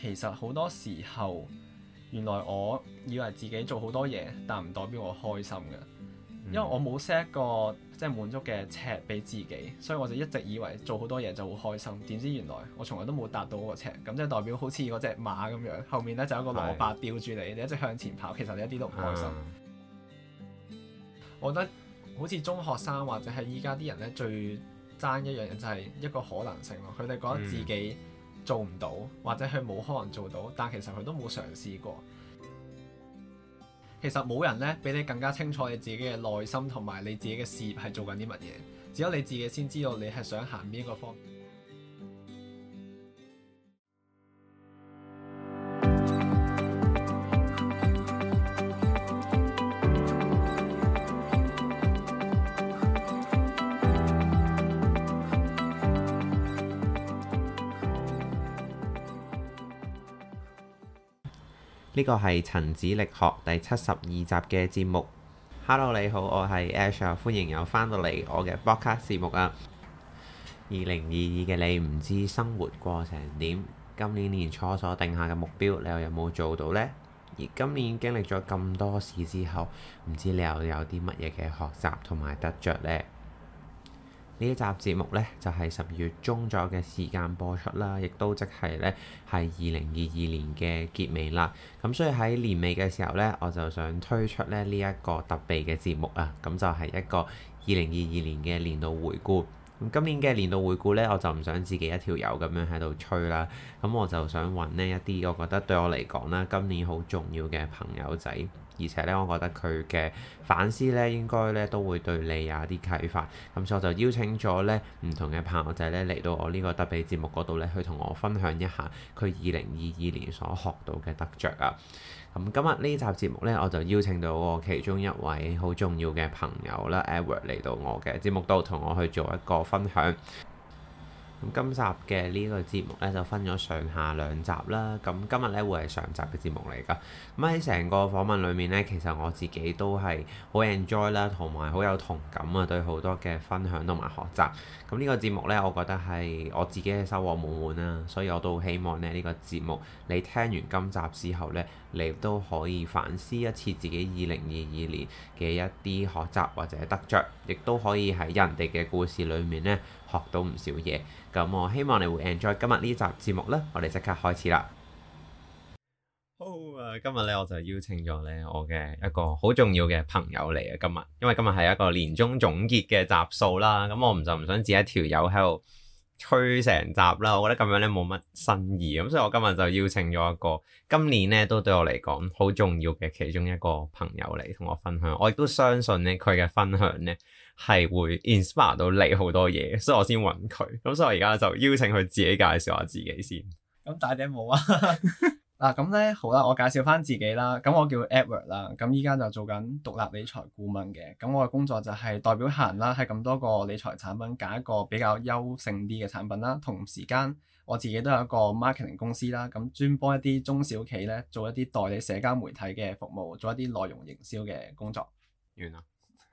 其實好多時候，原來我以為自己做好多嘢，但唔代表我開心嘅，因為我冇 set 個即係滿足嘅尺俾自己，所以我就一直以為做好多嘢就會開心。點知原來我從來都冇達到嗰個尺，咁即係代表好似嗰隻馬咁樣，後面咧就有一個蘿蔔吊住你，是的 你一直向前跑，其實你一啲都唔開心。嗯、我覺得好似中學生或者係依家啲人咧，最爭一樣嘢就係一個可能性咯，佢哋覺得自己。嗯做唔到，或者佢冇可能做到，但其實佢都冇嘗試過。其實冇人咧，比你更加清楚你自己嘅內心同埋你自己嘅事業係做緊啲乜嘢，只有你自己先知道你係想行邊一個方。呢個係塵籽力學第七十二集嘅節目。Hello，你好，我係 Ash 啊，歡迎又返到嚟我嘅 Podcast 節目啊。二零二二嘅你唔知生活過成點？今年年初所定下嘅目標，你又有冇做到呢？而今年經歷咗咁多事之後，唔知你又有啲乜嘢嘅學習同埋得着呢？呢一集節目呢，就係十二月中左右嘅時間播出啦，亦都即係呢，係二零二二年嘅結尾啦。咁所以喺年尾嘅時候呢，我就想推出呢呢一個特別嘅節目啊，咁就係一個二零二二年嘅年度回顧。咁今年嘅年度回顧呢，我就唔想自己一條友咁樣喺度吹啦，咁我就想揾呢一啲我覺得對我嚟講啦，今年好重要嘅朋友仔。而且咧，我覺得佢嘅反思咧，應該咧都會對你有一啲啟發。咁所以就邀請咗咧唔同嘅朋友仔咧嚟到我呢個特別節目嗰度咧，去同我分享一下佢二零二二年所學到嘅得着啊。咁、嗯、今日呢集節目咧，我就邀請到我其中一位好重要嘅朋友啦，Edward 嚟到我嘅節目度同我去做一個分享。今集嘅呢個節目呢，就分咗上下兩集啦，咁今日呢，會係上集嘅節目嚟㗎。咁喺成個訪問裡面呢，其實我自己都係好 enjoy 啦，同埋好有同感啊，對好多嘅分享同埋學習。咁呢個節目呢，我覺得係我自己嘅收穫滿滿啦，所以我都希望呢呢，呢個節目你聽完今集之後呢，你都可以反思一次自己二零二二年嘅一啲學習或者得着，亦都可以喺人哋嘅故事裡面呢。學到唔少嘢，咁我希望你會 enjoy 今日呢集節目咧。我哋即刻開始啦。好啊，今日呢我就邀請咗呢我嘅一個好重要嘅朋友嚟啊。今日，因為今日係一個年終總結嘅集數啦，咁我唔就唔想自己一條友喺度吹成集啦。我覺得咁樣呢冇乜新意，咁所以我今日就邀請咗一個今年呢都對我嚟講好重要嘅其中一個朋友嚟同我分享。我亦都相信呢佢嘅分享呢。係會 inspire 到你好多嘢，所以我先揾佢，咁所以我而家就邀請佢自己介紹下自己先。咁大頂帽啊！嗱、 啊，咁呢好啦，我介紹翻自己啦。咁我叫 Edward 啦，咁依家就做緊獨立理財顧問嘅。咁我嘅工作就係代表客人啦，喺咁多個理財產品揀一個比較優勝啲嘅產品啦。同時間我自己都有一個 marketing 公司啦，咁專幫一啲中小企呢，做一啲代理社交媒體嘅服務，做一啲內容營銷嘅工作。完啦了！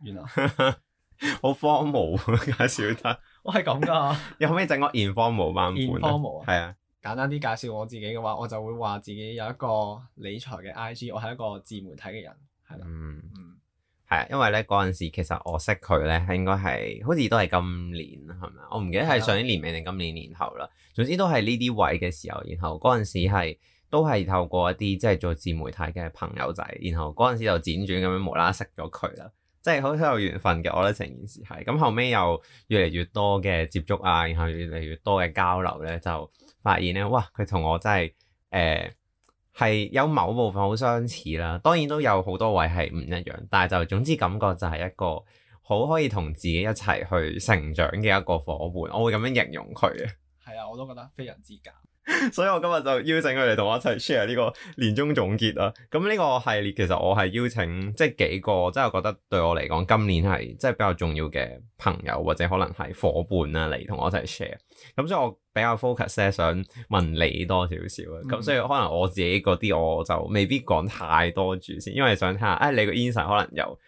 完啦了！ 好荒謬介紹得， 我係咁噶， 你可唔可以整個 informal 版本？informal 啊？係啊，簡單啲介紹我自己嘅話，我就會話自己有一個理財嘅 IG，我係一個自媒體嘅人，係咯、啊，嗯嗯，係、嗯、啊，因為咧嗰陣時其實我識佢咧，應該係好似都係今年啦，係咪啊？我唔記得係上年年尾定今年年頭啦，總之都係呢啲位嘅時候，然後嗰陣時係都係透過一啲即係做自媒體嘅朋友仔，然後嗰陣時就輾轉咁樣無啦啦識咗佢啦。 即係好有緣分嘅，我覺得成件事係咁後尾又越嚟越多嘅接觸啊，然後越嚟越多嘅交流咧，就發現咧，哇！佢同我真係誒係有某部分好相似啦，當然都有好多位係唔一樣，但係就總之感覺就係一個好可以同自己一齊去成長嘅一個伙伴，我會咁樣形容佢嘅。係啊，我都覺得非常之夾。 所以我今日就邀請佢哋同我一齊 share 呢個年終總結啦、啊。咁呢個系列其實我係邀請即係、就是、幾個，即、就、係、是、我覺得對我嚟講今年係即係比較重要嘅朋友或者可能係伙伴啊嚟同我一齊 share。咁所以我比較 focus 咧，想問你多少少啊。咁所以可能我自己嗰啲我就未必講太多住先，因為想睇下，誒、哎、你個 ins 可能有。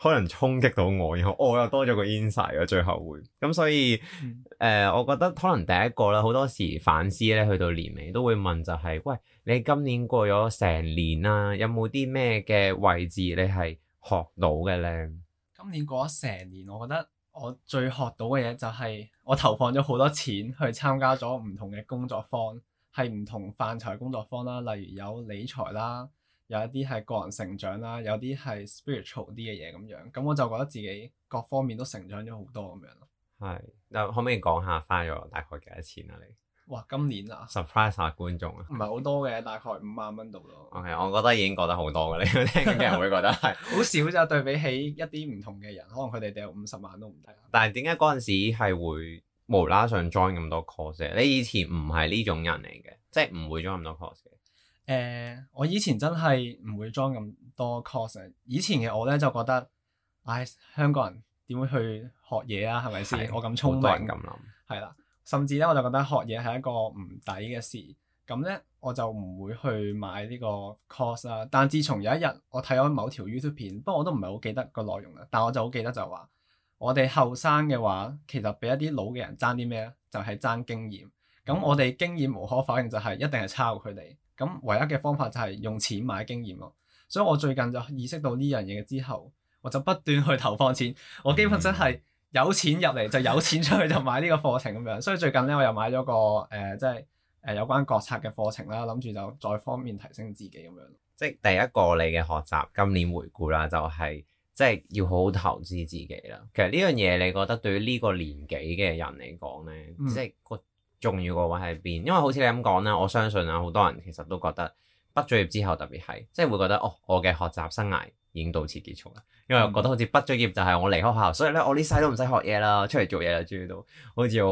可能衝擊到我，然後、哦、我又多咗個 insight。最後會咁，所以誒、嗯呃，我覺得可能第一個啦，好多時反思咧，去到年尾都會問，就係、是：喂，你今年過咗成年啦、啊，有冇啲咩嘅位置你係學到嘅咧？今年過咗成年，我覺得我最學到嘅嘢就係我投放咗好多錢去參加咗唔同嘅工作坊，係唔同範疇嘅工作坊啦，例如有理財啦。有一啲係個人成長啦，有啲係 spiritual 啲嘅嘢咁樣，咁我就覺得自己各方面都成長咗好多咁樣咯。係，嗱，可唔可以講下花咗大概幾多錢啊？你哇，今年啊？Surprise 下觀眾啊？唔係好多嘅，大概五萬蚊度咯。OK，我覺得已經覺得好多嘅，你嗰啲聽嘅人會覺得係好少，就對比起一啲唔同嘅人，可能佢哋掉五十萬都唔抵。但係點解嗰陣時係會無啦啦上 join 咁多 course？你以前唔係呢種人嚟嘅，即係唔會 join 咁多 course 嘅。誒、呃，我以前真係唔會裝咁多 course。以前嘅我咧就覺得，唉、哎，香港人點會去學嘢啊？係咪先？的我咁聰明，好多人咁諗係啦。甚至咧，我就覺得學嘢係一個唔抵嘅事。咁咧，我就唔會去買呢個 course 啦。但自從有一日我睇咗某條 YouTube 片，不過我都唔係好記得個內容啦。但我就好記得就話，我哋後生嘅話，其實俾一啲老嘅人爭啲咩咧，就係、是、爭經驗。咁我哋經驗無可否認就係一定係差過佢哋。咁唯一嘅方法就係用錢買經驗咯，所以我最近就意識到呢樣嘢之後，我就不斷去投放錢，我基本真係有錢入嚟就有錢出去就買呢個課程咁樣。所以最近呢，我又買咗個誒、呃，即係、呃、有關國策嘅課程啦，諗住就再方面提升自己咁樣。即係第一個你嘅學習今年回顧啦，就係、是、即係要好好投資自己啦。其實呢樣嘢，你覺得對於呢個年紀嘅人嚟講呢？即係、嗯重要個位喺邊？因為好似你咁講咧，我相信啊，好多人其實都覺得畢咗業之後特別係，即係會覺得哦，我嘅學習生涯已經到此結束啦。因為我覺得好似畢咗業就係我離開學校，所以咧我呢世都唔使學嘢啦，出嚟做嘢啦，終於都好似好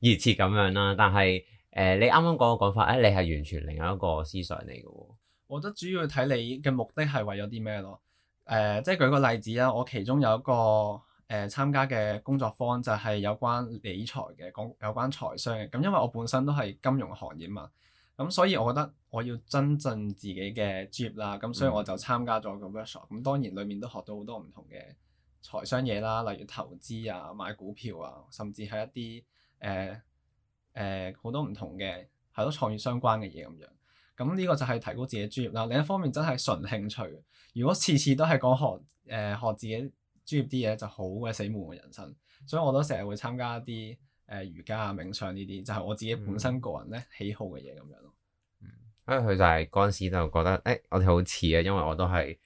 熱切咁樣啦。但係誒、呃，你啱啱講嘅講法，誒，你係完全另一個思想嚟嘅喎。我覺得主要睇你嘅目的係為咗啲咩咯？誒、呃，即係舉個例子啦，我其中有一個，誒、呃、參加嘅工作坊就係有關理財嘅，講有關財商嘅。咁因為我本身都係金融行業嘛，咁所以我覺得我要增進自己嘅專業啦。咁所以我就參加咗個 workshop。咁當然裡面都學到好多唔同嘅財商嘢啦，例如投資啊、買股票啊，甚至係一啲誒誒、好多唔同嘅係咯創業相關嘅嘢咁樣。咁呢個就係提高自己專業啦。另一方面真係純興趣。如果次次都係講學誒、呃、學自己專業啲嘢就好鬼死悶嘅人生，所以我都成日會參加啲誒、呃、瑜伽啊、冥想呢啲，就係、是、我自己本身個人咧喜好嘅嘢咁樣咯、嗯。因為佢就係嗰陣時就覺得，誒、欸、我哋好似啊，因為我都係。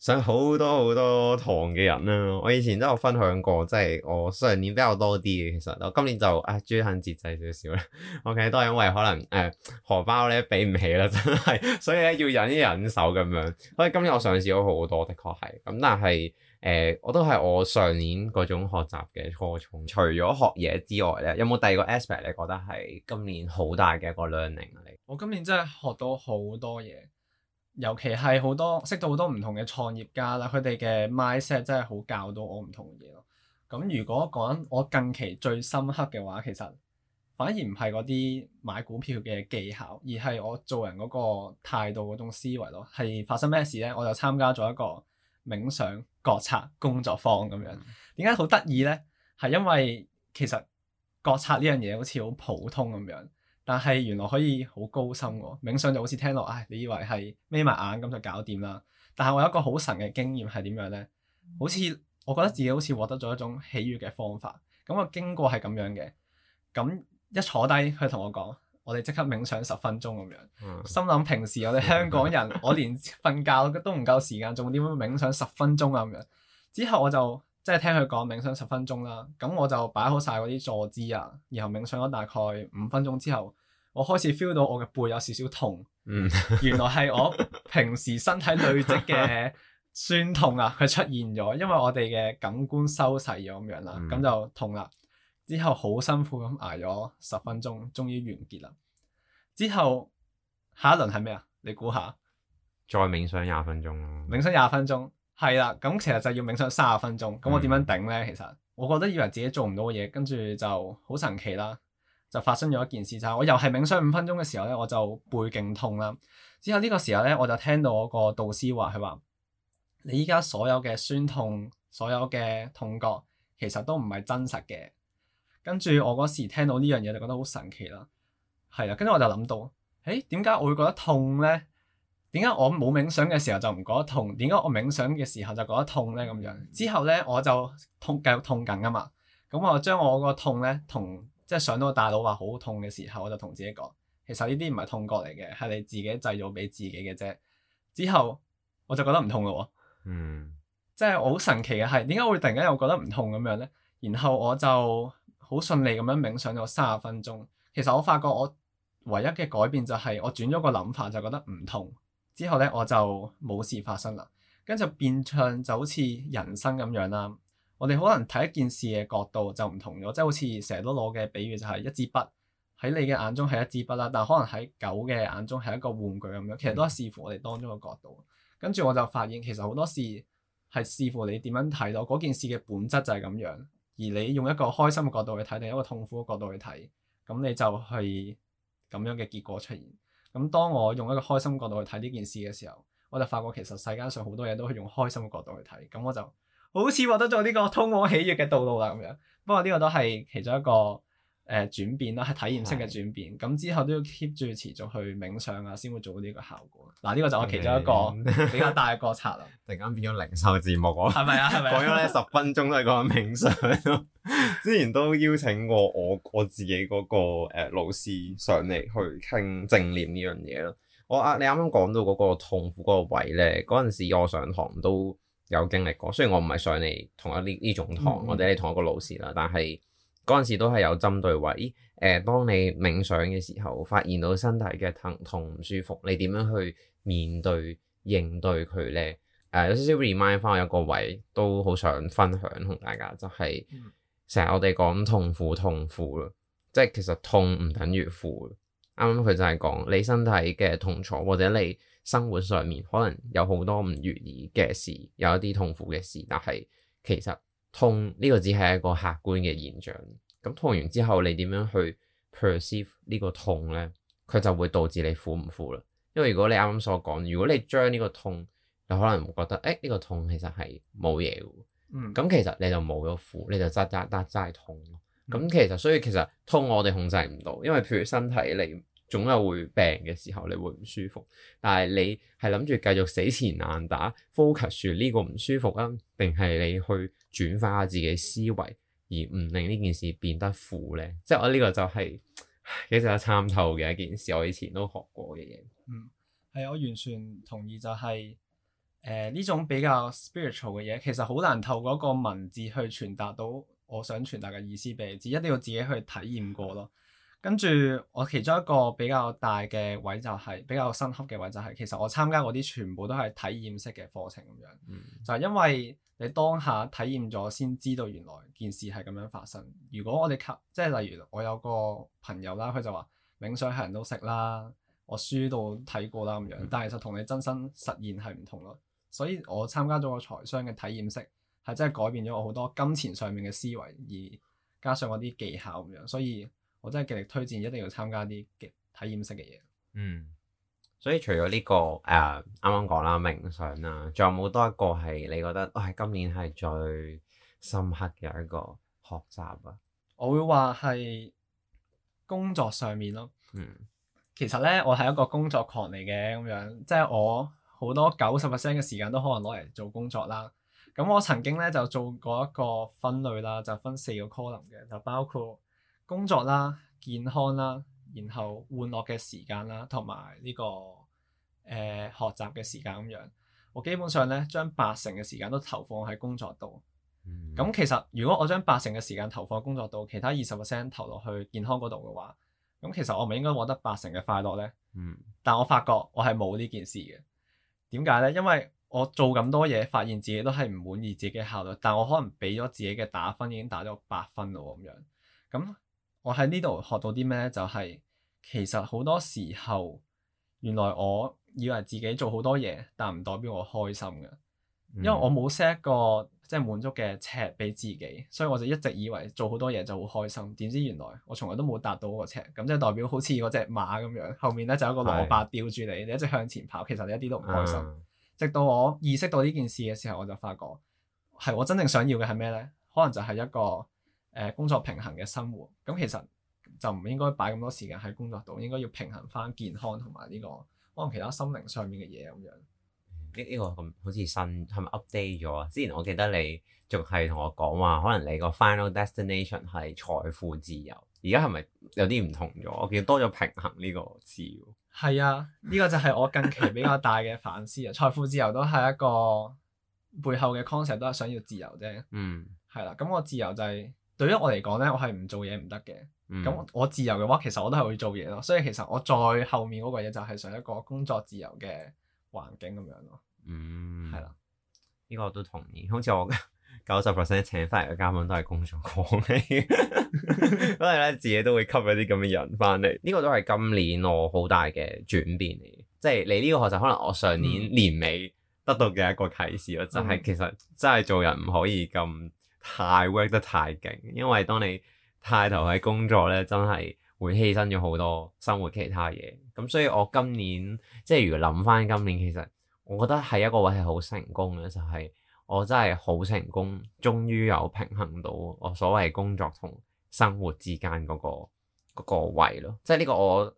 上好多好多堂嘅人啦、啊，我以前都有分享過，即係我上年比較多啲嘅，其實我今年就啊，終於肯節制少少啦。OK，都係因為可能誒、呃，荷包咧俾唔起啦，真係，所以咧要忍一忍手咁樣。所以今年我上少咗好多，的確係咁，但係誒，呃、都我都係我上年嗰種學習嘅初衷。除咗學嘢之外咧，有冇第二個 aspect 你覺得係今年好大嘅一個 learning 啊？你我今年真係學到好多嘢。尤其係好多識到好多唔同嘅創業家啦，佢哋嘅 mindset 真係好教到我唔同嘅嘢咯。咁如果講我近期最深刻嘅話，其實反而唔係嗰啲買股票嘅技巧，而係我做人嗰個態度、嗰種思維咯。係發生咩事呢？我就參加咗一個冥想覺察工作坊咁樣。點解好得意呢？係因為其實覺察呢樣嘢好似好普通咁樣。但係原來可以好高深喎，冥想就好似聽落，唉、哎，你以為係眯埋眼咁就搞掂啦。但係我有一個好神嘅經驗係點樣呢？好似我覺得自己好似獲得咗一種喜悅嘅方法。咁我經過係咁樣嘅，咁一坐低佢同我講，我哋即刻冥想十分鐘咁樣。嗯、心諗平時我哋香港人， 我連瞓覺都唔夠時間，仲點會冥想十分鐘啊咁樣？之後我就。即係聽佢講冥想十分鐘啦，咁我就擺好晒嗰啲坐姿啊，然後冥想咗大概五分鐘之後，我開始 feel 到我嘅背有少少痛，嗯、 原來係我平時身體累積嘅酸痛啊，佢出現咗，因為我哋嘅感官收細咗咁樣啦，咁就痛啦、嗯。之後好辛苦咁挨咗十分鐘，終於完結啦。之後下一輪係咩啊？你估下？再冥想廿分鐘。冥想廿分鐘。係啦，咁其實就要冥想三十分鐘，咁我點樣頂呢？其實我覺得以為自己做唔到嘅嘢，跟住就好神奇啦，就發生咗一件事，就係我又係冥想五分鐘嘅時候呢，我就背頸痛啦。之後呢個時候呢，我就聽到我個導師話，佢話，你依家所有嘅酸痛、所有嘅痛覺，其實都唔係真實嘅。跟住我嗰時聽到呢樣嘢，就覺得好神奇啦。係啦，跟住我就諗到，誒、欸，點解我會覺得痛呢？」點解我冇冥想嘅時候就唔覺得痛？點解我冥想嘅時候就覺得痛呢？咁樣之後呢，我就痛繼續痛緊啊嘛。咁我將我個痛呢，同即係上到大腦話好痛嘅時候，我就同自己講：其實呢啲唔係痛覺嚟嘅，係你自己製造俾自己嘅啫。之後我就覺得唔痛咯。嗯，即係好神奇嘅係點解會突然間又覺得唔痛咁樣呢？然後我就好順利咁樣冥想咗三十分鐘。其實我發覺我唯一嘅改變就係我轉咗個諗法，就覺得唔痛。之後咧，我就冇事發生啦，跟住變相就好似人生咁樣啦。我哋可能睇一件事嘅角度就唔同咗，即係好似成日都攞嘅比喻就係一支筆，喺你嘅眼中係一支筆啦，但可能喺狗嘅眼中係一個玩具咁樣，其實都係視乎我哋當中嘅角度。跟住我就發現其實好多事係視乎你點樣睇咯。嗰件事嘅本質就係咁樣，而你用一個開心嘅角度去睇定一個痛苦嘅角度去睇，咁你就係咁樣嘅結果出現。咁當我用一個開心角度去睇呢件事嘅時候，我就發覺其實世界上好多嘢都可以用開心嘅角度去睇，咁我就好似獲得咗呢個通往喜悅嘅道路啦咁樣。不過呢個都係其中一個。誒、呃、轉變啦，係體驗式嘅轉變，咁的之後都要 keep 住持續去冥想啊，先會做到呢個效果。嗱、啊，呢、這個就我其中一個比較大嘅覺察啦。 突然間變咗靈修節目啊！係咪啊？係咪？講咗咧十分鐘都係講緊冥想咯。 之前都邀請過我我自己嗰個老師上嚟去傾正念呢樣嘢啦。 我啊，你啱啱講到嗰個痛苦嗰個位咧，嗰陣時我上堂都有經歷過。雖然我唔係上嚟同一呢呢種堂，或者係同一個老師啦，但係。嗰陣時都係有針對位，誒，當你冥想嘅時候，發現到身體嘅疼痛唔舒服，你點樣去面對應對佢咧？誒、呃，有少少 remind 翻我一個位，都好想分享同大家，就係成日我哋講痛苦痛苦，即係其實痛唔等於苦。啱啱佢就係講你身體嘅痛楚，或者你生活上面可能有好多唔如意嘅事，有一啲痛苦嘅事，但係其實。痛呢、這個只係一個客觀嘅現象，咁痛完之後你點樣去 perceive 呢個痛咧？佢就會導致你苦唔苦啦。因為如果你啱啱所講，如果你將呢個痛，你可能會覺得誒呢、哎這個痛其實係冇嘢嘅，咁、嗯、其實你就冇咗苦，你就就就就齋痛咯。咁其實、嗯、所以其實痛我哋控制唔到，因為譬如身體你。總有會病嘅時候，你會唔舒服。但係你係諗住繼續死纏爛打 focus 住呢個唔舒服啊，定係你去轉化自己思維，而唔令呢件事變得苦咧？即係我呢個就係其實值得參透嘅一件事。我以前都學過嘅嘢。嗯，係，我完全同意、就係，就係誒呢種比較 spiritual 嘅嘢，其實好難透過一個文字去傳達到我想傳達嘅意思俾你知，一定要自己去體驗過咯。跟住我其中一個比較大嘅位就係、是、比較深刻嘅位就係、是、其實我參加嗰啲全部都係體驗式嘅課程咁樣。嗯、就係因為你當下體驗咗先知道原來件事係咁樣發生。如果我哋吸即係例如我有個朋友啦，佢就話冥想係人都識啦，我書到睇過啦咁樣，嗯、但係就同你真身實現係唔同咯。所以我參加咗個財商嘅體驗式，係真係改變咗我好多金錢上面嘅思維，而加上我啲技巧咁樣，所以。我真係極力推薦，一定要參加啲嘅體驗式嘅嘢。嗯，所以除咗呢個誒，啱啱講啦冥想啦，仲有冇多一個係你覺得我、哎、今年係最深刻嘅一個學習啊？我會話係工作上面咯。嗯，其實咧，我係一個工作狂嚟嘅咁樣，即係我好多九十 percent 嘅時間都可能攞嚟做工作啦。咁我曾經咧就做過一個分類啦，就分四個 column 嘅，就包括。工作啦、健康啦，然後玩樂嘅時間啦，同埋呢個誒、呃、學習嘅時間咁樣，我基本上咧將八成嘅時間都投放喺工作度。咁、嗯、其實如果我將八成嘅時間投放喺工作度，其他二十個 percent 投落去健康嗰度嘅話，咁其實我咪應該獲得八成嘅快樂咧？嗯。但我發覺我係冇呢件事嘅。點解咧？因為我做咁多嘢，發現自己都係唔滿意自己嘅效率，但我可能俾咗自己嘅打分已經打咗八分咯咁樣。咁、嗯。我喺呢度學到啲咩？就係、是、其實好多時候，原來我以為自己做好多嘢，但唔代表我開心嘅，因為我冇 set 個即係滿足嘅尺俾自己，所以我就一直以為做好多嘢就好開心。點知原來我從來都冇達到個尺，咁即係代表好似嗰隻馬咁樣，後面咧就有個蘿蔔吊住你，你一直向前跑，其實你一啲都唔開心。的直到我意識到呢件事嘅時候，我就發覺係我真正想要嘅係咩呢？可能就係一個。誒工作平衡嘅生活，咁其實就唔應該擺咁多時間喺工作度，應該要平衡返健康同埋呢個可能其他心靈上面嘅嘢咁樣。呢呢、這個咁、這個、好似新係咪 update 咗啊？之前我記得你仲係同我講話，可能你個 final destination 係財富自由，而家係咪有啲唔同咗？我見多咗平衡呢個字喎。係 啊，呢、這個就係我近期比較大嘅反思啊！財 富自由都係一個背後嘅 concept，都係想要自由啫。嗯，係啦、啊，咁我自由就係、是。對於我嚟講咧，我係唔做嘢唔得嘅。咁、嗯、我自由嘅話，其實我都係會做嘢咯。所以其實我再後面嗰個嘢就係想一個工作自由嘅環境咁樣咯。嗯，係啦，呢、這個我都同意。好似我九十 percent 請翻嚟嘅嘉賓都係工作狂嚟，所以咧自己都會吸引啲咁嘅人翻嚟。呢 個都係今年我好大嘅轉變嚟。即、就、係、是、你呢個學習，可能我上年年尾得到嘅一個啟示咯，就係、嗯、其實真係做人唔可以咁。太 work 得太勁，因為當你太頭喺工作咧，真係會犧牲咗好多生活其他嘢。咁所以我今年即係如果諗翻今年，其實我覺得係一個位係好成功嘅，就係我真係好成功，終於有平衡到我所謂工作同生活之間嗰個嗰個位咯。即係呢個我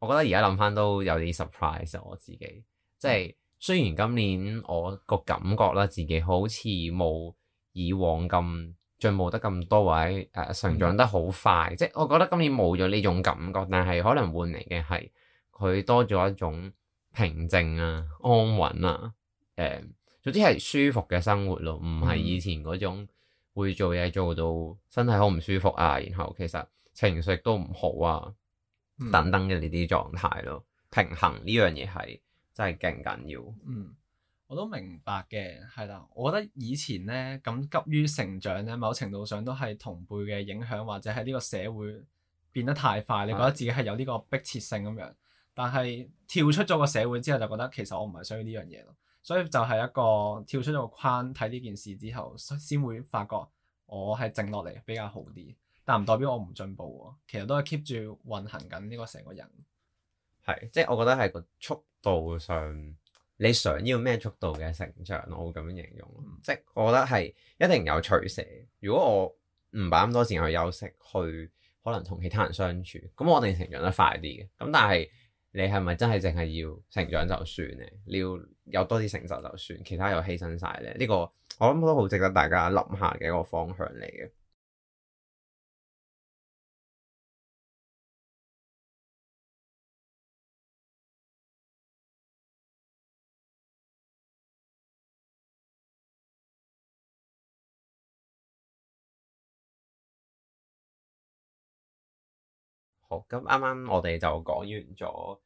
我覺得而家諗翻都有啲 surprise 我自己。即係雖然今年我個感覺啦，自己好似冇。以往咁進步得咁多，位、呃，或者成長得好快，嗯、即係我覺得今年冇咗呢種感覺。但係可能換嚟嘅係佢多咗一種平靜啊、安穩啊、誒、嗯，總之係舒服嘅生活咯，唔係以前嗰種會做嘢做到身體好唔舒服啊，然後其實情緒都唔好啊、嗯、等等嘅呢啲狀態咯。平衡呢樣嘢係真係勁緊要。嗯我都明白嘅，係啦。我覺得以前呢，咁急於成長呢，某程度上都係同輩嘅影響，或者係呢個社會變得太快，你覺得自己係有呢個迫切性咁樣。是的 但係跳出咗個社會之後，就覺得其實我唔係想要呢樣嘢咯。所以就係一個跳出咗個框睇呢件事之後，先會發覺我係靜落嚟比較好啲。但唔代表我唔進步喎，其實都係 keep 住運行緊呢個成個人。係，即係我覺得係個速度上。你想要咩速度嘅成長？我會咁樣形容，嗯、即係我覺得係一定有取捨。如果我唔擺咁多時間去休息，去可能同其他人相處，咁我哋成長得快啲嘅。咁但係你係咪真係淨係要成長就算咧？你要有多啲成就就算，其他又犧牲晒咧？呢個我諗都好值得大家諗下嘅一個方向嚟嘅。好，咁啱啱我哋就講完咗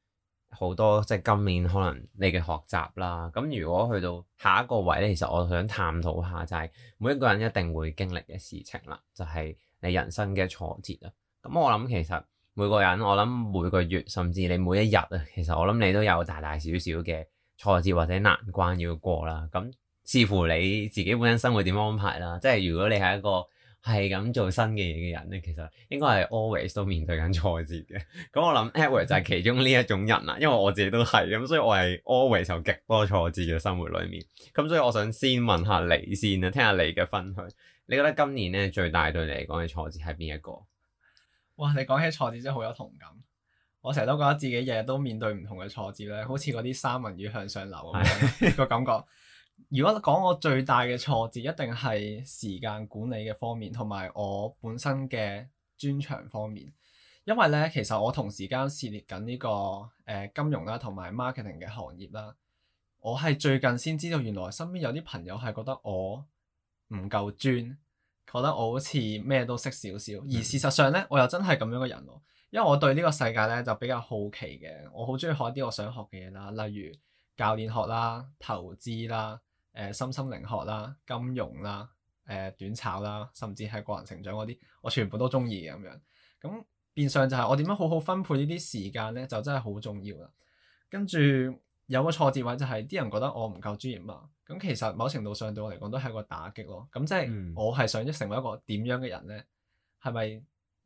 好多，即係今年可能你嘅學習啦。咁如果去到下一個位咧，其實我想探討下就係每一個人一定會經歷嘅事情啦，就係你人生嘅挫折啊。咁我諗其實每個人，我諗每個月甚至你每一日啊，其實我諗你都有大大小小嘅挫折或者難關要過啦。咁視乎你自己本身生活點樣安排啦。即係如果你係一個係咁做新嘅嘢嘅人呢，其實應該係 always 都面對緊挫折嘅。咁 我諗 Edward 就係其中呢一種人啦，因為我自己都係咁，所以我係 always 就極多挫折嘅生活裏面。咁所以我想先問下你先啊，聽下你嘅分享。你覺得今年咧最大對你嚟講嘅挫折係邊一個？哇！你講起挫折真係好有同感。我成日都覺得自己日日都面對唔同嘅挫折咧，好似嗰啲三文魚向上流咁個感覺。 如果講我最大嘅挫折，一定係時間管理嘅方面，同埋我本身嘅專長方面。因為咧，其實我同時間涉獵緊呢個誒、呃、金融啦、啊，同埋 marketing 嘅行業啦。我係最近先知道，原來身邊有啲朋友係覺得我唔夠專，覺得我好似咩都識少少。嗯、而事實上咧，我又真係咁樣嘅人。因為我對呢個世界咧就比較好奇嘅，我好中意學啲我想學嘅嘢啦，例如。教練學啦、投資啦、誒心心靈學啦、金融啦、誒、呃、短炒啦，甚至係個人成長嗰啲，我全部都中意嘅咁樣。咁變相就係我點樣好好分配間呢啲時間咧，就真係好重要啦。跟住有個挫折位就係、是、啲人覺得我唔夠專業嘛。咁其實某程度上對我嚟講都係一個打擊咯。咁即係我係想成為一個點樣嘅人咧？係咪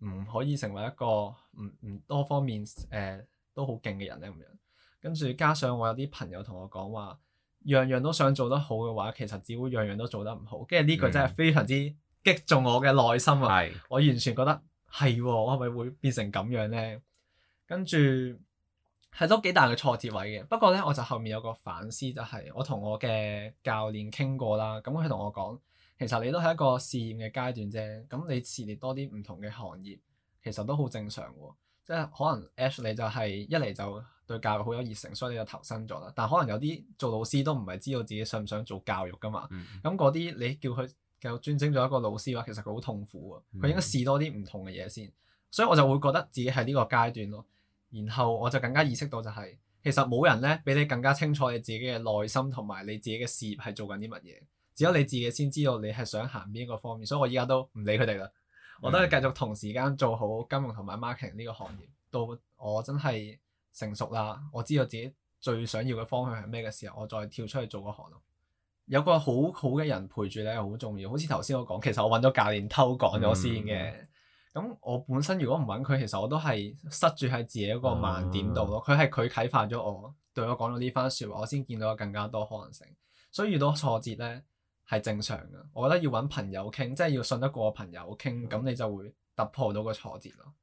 唔可以成為一個唔唔多方面誒、呃、都好勁嘅人咧？咁樣？跟住加上我有啲朋友同我講話，樣樣都想做得好嘅話，其實只會樣樣都做得唔好。跟住呢句真係非常之擊中我嘅內心啊！嗯、我完全覺得係、哦，我係咪會變成咁樣呢？跟住係都幾大嘅挫折位嘅。不過呢，我就後面有個反思，就係、是、我同我嘅教練傾過啦。咁佢同我講，其實你都係一個試驗嘅階段啫。咁你試練多啲唔同嘅行業，其實都好正常喎、哦。即係可能 Ash 你就係一嚟就。對教育好有熱誠，所以你就投身咗啦。但可能有啲做老師都唔係知道自己想唔想做教育噶嘛。咁嗰啲你叫佢繼續專精咗一個老師嘅話，其實佢好痛苦啊。佢應該試多啲唔同嘅嘢先。Mm hmm. 所以我就會覺得自己喺呢個階段咯。然後我就更加意識到就係、是、其實冇人咧俾你更加清楚你自己嘅內心同埋你自己嘅事業係做緊啲乜嘢。只有你自己先知道你係想行邊一個方面。所以我依家都唔理佢哋啦。Mm hmm. 我都係繼續同時間做好金融同埋 marketing 呢個行業。到我真係～成熟啦，我知道自己最想要嘅方向係咩嘅時候，我再跳出去做嗰行咯。有個好好嘅人陪住你，好重要。好似頭先我講，其實我揾咗教練偷講咗先嘅。咁、嗯、我本身如果唔揾佢，其實我都係塞住喺自己一個盲點度咯。佢係佢啟發咗我，對我講咗呢番説話，我先見到更加多可能性。所以遇到挫折呢係正常嘅。我覺得要揾朋友傾，即係要信得過朋友傾，咁你就會突破到個挫折咯。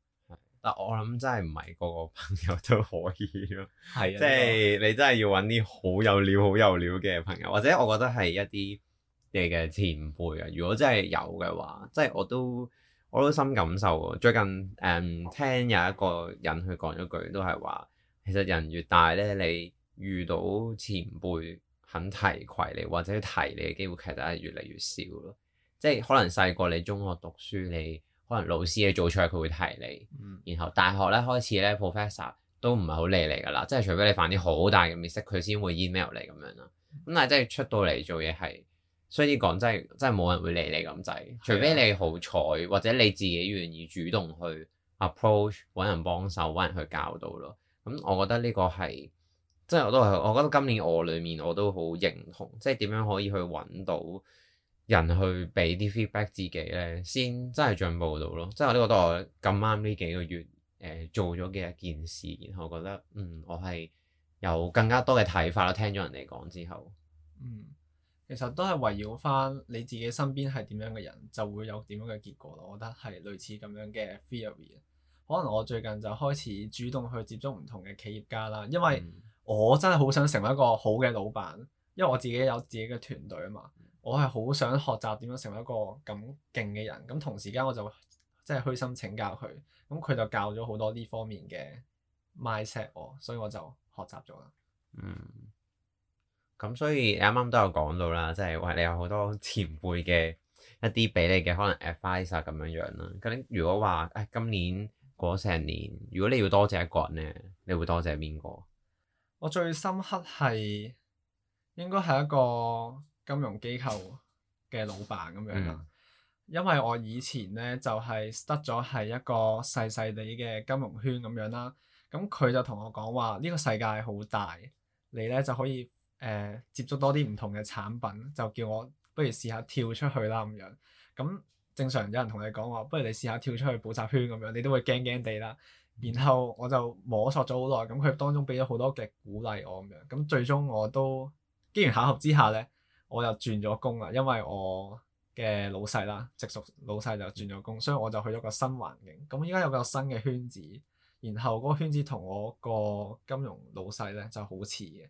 我諗真係唔係個個朋友都可以咯的，係即係你真係要揾啲好有料、好有料嘅朋友，或者我覺得係一啲你嘅前輩啊。如果真係有嘅話，即係我都我都深感受。最近誒、um, 聽有一個人佢講咗句，都係話其實人越大呢，你遇到前輩肯提攜你或者提你嘅機會，其實係越嚟越少咯。即係可能細個你中學讀書你。可能老師你做出嚟，佢會提你。嗯、然後大學咧開始咧 ，professor 都唔係好理你㗎啦，即係除非你犯啲好大嘅 miss 佢先會 email 你咁樣啦。咁但係即係出到嚟做嘢係，所以講真係真係冇人會理你咁滯，嗯、除非你好彩，嗯、或者你自己願意主動去 approach 揾人幫手，揾人去教導咯。咁我覺得呢個係，即係我都係，我覺得今年我裡面我都好認同，即係點樣可以去揾到。人去俾啲 feedback 自己咧，先真係進步到咯。即係我覺得我咁啱呢幾個月，誒、呃、做咗嘅一件事，然後覺得嗯，我係有更加多嘅睇法咯。聽咗人哋講之後，嗯，其實都係圍繞翻你自己身邊係點樣嘅人，就會有點樣嘅結果咯。我覺得係類似咁樣嘅 theory。可能我最近就開始主動去接觸唔同嘅企業家啦，因為我真係好想成為一個好嘅老闆，因為我自己有自己嘅團隊啊嘛。我係好想學習點樣成為一個咁勁嘅人，咁同時間我就即係虛心請教佢，咁佢就教咗好多呢方面嘅 mindset 我，所以我就學習咗啦。嗯，咁所以你啱啱都有講到啦，即係喂你有好多前輩嘅一啲俾你嘅可能 advice 啊咁樣樣啦。咁如果話誒、哎、今年過成年，如果你要多謝一個人呢，你會多謝邊個？我最深刻係應該係一個金融機構嘅老闆咁樣啦，嗯、因為我以前呢，就係得咗係一個細細哋嘅金融圈咁樣啦，咁佢就同我講話呢、這個世界好大，你呢就可以誒、呃、接觸多啲唔同嘅產品，就叫我不如試下跳出去啦咁樣。咁正常有人同你講話，不如你試下跳出去補習圈咁樣，你都會驚驚地啦。然後我就摸索咗好耐，咁佢當中俾咗好多嘅鼓勵我咁樣，咁最終我都機緣巧合之下呢。我就轉咗工啦，因為我嘅老細啦，直屬老細就轉咗工，所以我就去咗個新環境。咁依家有個新嘅圈子，然後嗰個圈子同我個金融老細呢就好似嘅，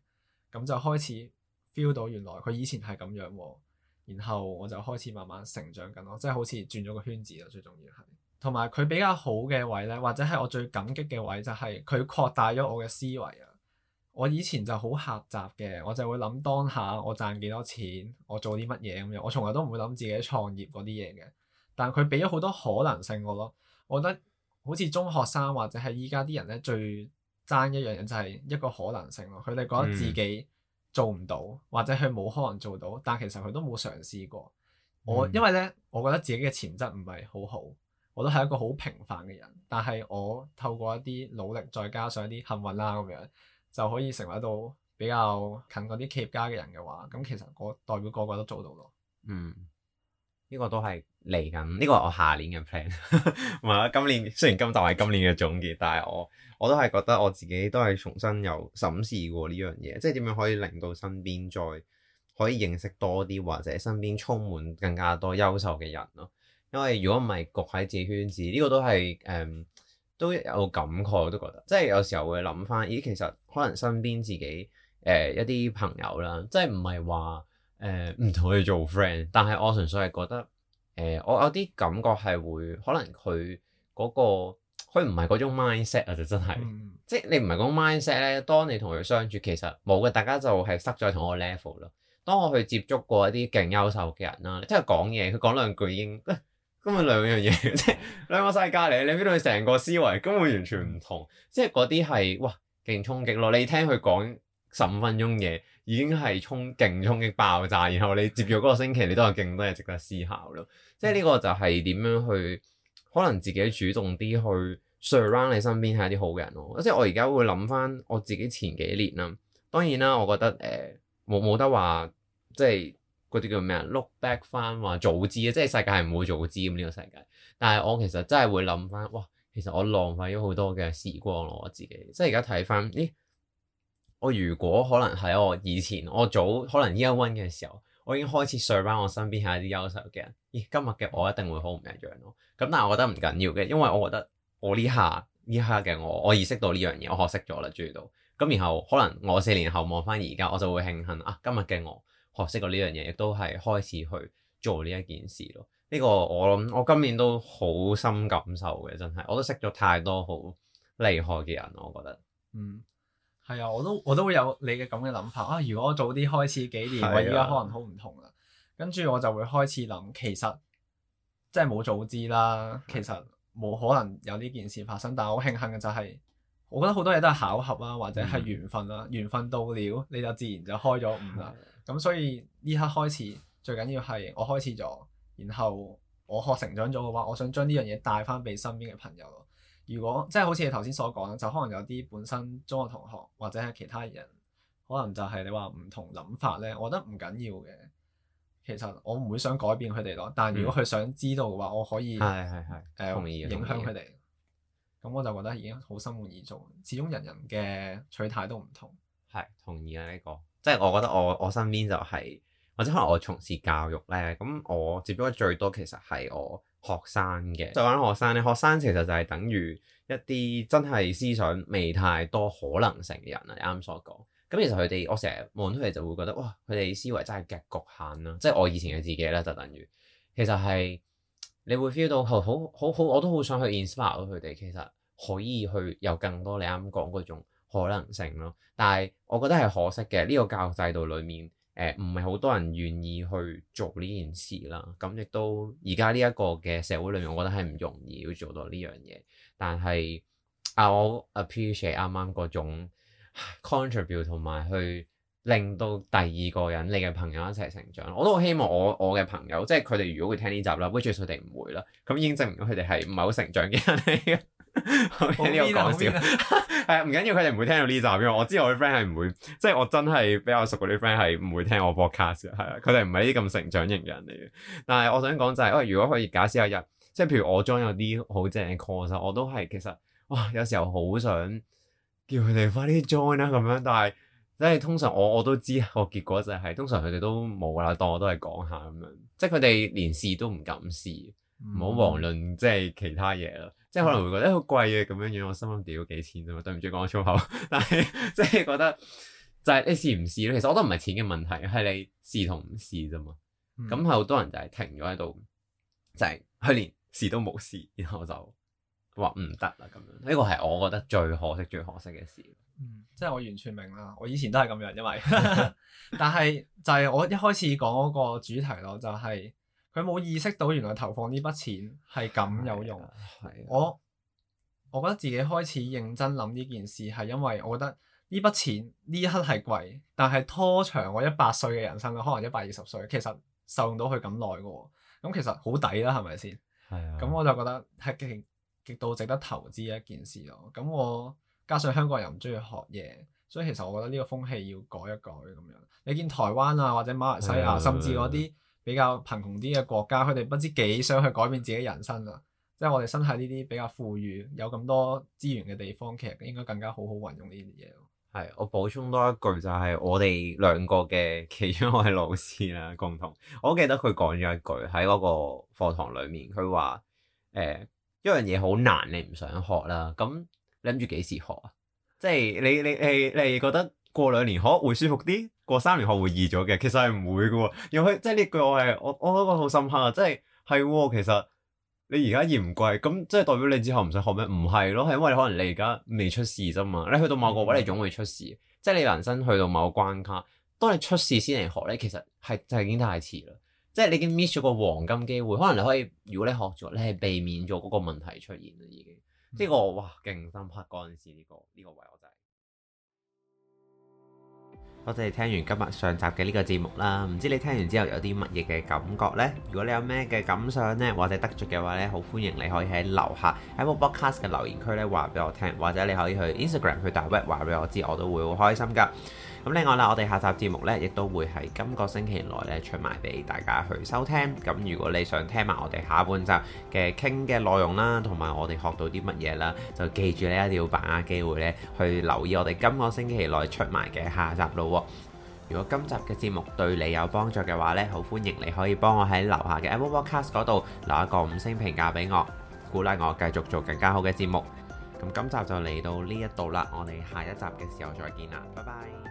咁就開始 feel 到原來佢以前係咁樣喎。然後我就開始慢慢成長緊囉，我即係好似轉咗個圈子就最重要係，同埋佢比較好嘅位呢，或者係我最感激嘅位就係佢擴大咗我嘅思維啊。我以前就好狹窄嘅，我就會諗當下我賺幾多錢，我做啲乜嘢咁樣。我從來都唔會諗自己創業嗰啲嘢嘅。但佢俾咗好多可能性我咯。我覺得好似中學生或者係依家啲人咧，最爭一樣嘢就係一個可能性咯。佢哋覺得自己做唔到，嗯、或者佢冇可能做到，但其實佢都冇嘗試過。嗯、我因為咧，我覺得自己嘅潛質唔係好好，我都係一個好平凡嘅人。但係我透過一啲努力，再加上一啲幸運啦咁樣。就可以成為到比較近嗰啲企業家嘅人嘅話，咁其實代表個,個個都做到咯。嗯，呢、呢個都係嚟緊，呢個係我下年嘅 plan。唔係啊， 今年雖然今集係今年嘅總結，但係我我都係覺得我自己都係重新有審視過呢樣嘢，即係點樣可以令到身邊再可以認識多啲，或者身邊充滿更加多優秀嘅人咯。因為如果唔係焗喺自己圈子，呢、呢個都係誒。嗯都有感慨，我都覺得，即係有時候會諗翻，咦，其實可能身邊自己誒、呃、一啲朋友啦，即係唔係話誒唔同佢做 friend，但係我純粹係覺得誒、呃，我有啲感覺係會可能佢嗰、嗰個佢唔係嗰種 mindset 啊，就真係，即係你唔係講 mindset 咧。當你同佢相處，其實冇嘅，大家就係塞咗喺同一個 level 咯。當我去接觸過一啲勁優秀嘅人啦，即係講嘢，佢講兩句已經。 根本兩樣嘢，即 係兩個世界嚟，你邊度成個思維根本完全唔同，即係嗰啲係哇勁衝擊咯！你聽佢講十五分鐘嘢，已經係衝勁衝擊爆炸，然後你接住嗰個星期，你都有勁多嘢值得思考咯。即係呢個就係點樣去，可能自己主動啲去 surround 你身邊係一啲好人咯。即係我而家會諗翻我自己前幾年啦，當然啦，我覺得誒冇冇得話即係。嗰啲叫咩啊？look back 翻話早知啊，即係世界係唔會早知咁呢、呢個世界。但係我其實真係會諗翻，哇！其實我浪費咗好多嘅時光咯，我自己。即係而家睇翻，咦？我如果可能喺我以前，我早可能 year one 嘅時候，我已經開始識返，我身邊係一啲優秀嘅人。咦？今日嘅我一定會好唔一樣咯。咁但係我覺得唔緊要嘅，因為我覺得我呢下呢下嘅我，我意識到呢樣嘢，我學識咗啦，注意到。咁然後可能我四年後望翻而家，我就會慶幸啊！今日嘅我。學識過呢樣嘢，亦都係開始去做呢一件事咯。呢、這個我諗，我今年都好深感受嘅，真係我都識咗太多好厲害嘅人，我覺得。嗯，係啊，我都我都會有你嘅咁嘅諗法啊。如果我早啲開始幾年，我而家可能好唔同啦。跟住我就會開始諗，其實即係冇早知啦，其實冇可能有呢件事發生。但係好慶幸嘅就係、是，我覺得好多嘢都係巧合啊，或者係緣分啦、啊。嗯、緣分到了，你就自然就開咗悟啦。嗯。咁所以呢刻開始最緊要係我開始咗，然後我學成長咗嘅話，我想將呢樣嘢帶翻俾身邊嘅朋友咯。如果即係好似你頭先所講，就可能有啲本身中學同學或者係其他人，可能就係你話唔同諗法呢。我覺得唔緊要嘅，其實我唔會想改變佢哋咯。但如果佢想知道嘅話，我可以係係係，誒影響佢哋。咁我就覺得已經好心滿意足。始終人人嘅取態都唔同，係同意啊呢個。即係我覺得我我身邊就係、是，或者可能我從事教育咧，咁我接觸最多其實係我學生嘅。就講學生咧，學生其實就係等於一啲真係思想未太多可能性嘅人啊。你啱啱所講，咁其實佢哋我成日望到佢哋就會覺得，哇！佢哋思維真係極局限啦、啊。即係我以前嘅自己咧，就等於其實係你會 feel 到好好好，我都好想去 inspire 佢哋，其實可以去有更多你啱講嗰種。可能性咯，但係我覺得係可惜嘅。呢個教育制度裡面，誒唔係好多人願意去做呢件事啦。咁亦都而家呢一個嘅社會裡面，我覺得係唔容易要做到呢樣嘢。但係啊，我 appreciate 啱啱嗰種 contribute 同埋去令到第二個人、你嘅朋友一齊成長。我都好希望我我嘅朋友，即係佢哋如果會聽呢集啦，which is 佢哋唔會啦，咁已經證明佢哋係唔係好成長嘅人嚟嘅。 喺呢度講笑，個笑，係啊， 唔緊要，佢哋唔會聽到呢集。因為我知我啲 friend 係唔會，即、就、係、是、我真係比較熟嗰啲 friend 係唔會聽我 broadcast 係啊，佢哋唔係啲咁成長型人嚟嘅。但係我想講就係、是，喂、哎，如果可以假設有日，即係譬如我 join 有啲好正嘅 course，我都係其實哇，有時候好想叫佢哋快啲 join 啦咁樣，但係即係通常我我都知個結果就係、是，通常佢哋都冇噶啦，當我都係講下咁樣，即係佢哋連試都唔敢試，唔好妄論即係其他嘢啦。即係可能會覺得好貴啊，咁樣樣我心諗屌幾錢啫嘛，對唔住講粗口，但係即係覺得就係、是、你試唔試咧？其實我都唔係錢嘅問題，係你試同唔試啫嘛。咁係好多人就係停咗喺度，就係、是、佢連試都冇試，然後我就話唔得啦咁樣。呢個係我覺得最可惜、最可惜嘅事。嗯，即係我完全明啦，我以前都係咁樣，因為 但係就係我一開始講嗰個主題咯，就係、是。佢冇意識到原來投放呢筆錢係咁有用。我我覺得自己開始認真諗呢件事係因為我覺得呢筆錢呢一刻係貴，但係拖長我一百歲嘅人生，可能一百二十歲，其實受用到佢咁耐嘅喎。咁其實好抵啦，係咪先？咁的我就覺得係極極度值得投資嘅一件事咯。咁我加上香港人唔中意學嘢，所以其實我覺得呢個風氣要改一改咁樣。你見台灣啊，或者馬來西亞，的甚至嗰啲，比較貧窮啲嘅國家，佢哋不知幾想去改變自己人生啊！即係我哋身喺呢啲比較富裕、有咁多資源嘅地方，其實應該更加好好運用呢啲嘢咯。係，我補充多一句就係我哋兩個嘅其中一位老師啦，共同我記得佢講咗一句喺嗰個課堂裡面，佢話：誒，呢樣嘢好難，你唔想學啦。咁你諗住幾時學啊？即係你你你你哋覺得？過兩年學會舒服啲，過三年學會易咗嘅，其實係唔會嘅喎。如果即係呢句我係我我都覺得好深刻啊！即係係喎，其實你而家嫌貴，咁即係代表你之後唔使學咩？唔係咯，係因為你可能你而家未出事啫嘛。你去到某個位，你總會出事。嗯、即係你人生去到某個關卡，當你出事先嚟學咧，其實係就係、已經太遲啦。即係你已經 miss 咗個黃金機會。可能你可以，如果你學咗，你係避免咗嗰個問題出現啦。已經呢、嗯這個哇勁深刻嗰陣時、這個，呢個呢個位我真係～多謝你聽完今日上集嘅呢個節目啦，唔知你聽完之後有啲乜嘢嘅感覺呢？如果你有咩嘅感想呢，或者得着嘅話呢，好歡迎你可以喺樓下喺播 cast 嘅留言區呢話俾我聽，或者你可以去 Instagram 去大 V 話俾我知，我都會好開心噶。咁另外啦，我哋下集節目呢，亦都會喺今個星期內呢出埋俾大家去收聽。咁如果你想聽埋我哋下半集嘅傾嘅內容啦，同埋我哋學到啲乜嘢啦，就記住呢一定要把握機會呢去留意我哋今個星期內出埋嘅下集咯。如果今集嘅節目對你有幫助嘅話呢，好歡迎你可以幫我喺樓下嘅 Apple Podcast 嗰度留一個五星評價俾我，鼓勵我繼續做更加好嘅節目。咁今集就嚟到呢一度啦，我哋下一集嘅時候再見啦，拜拜。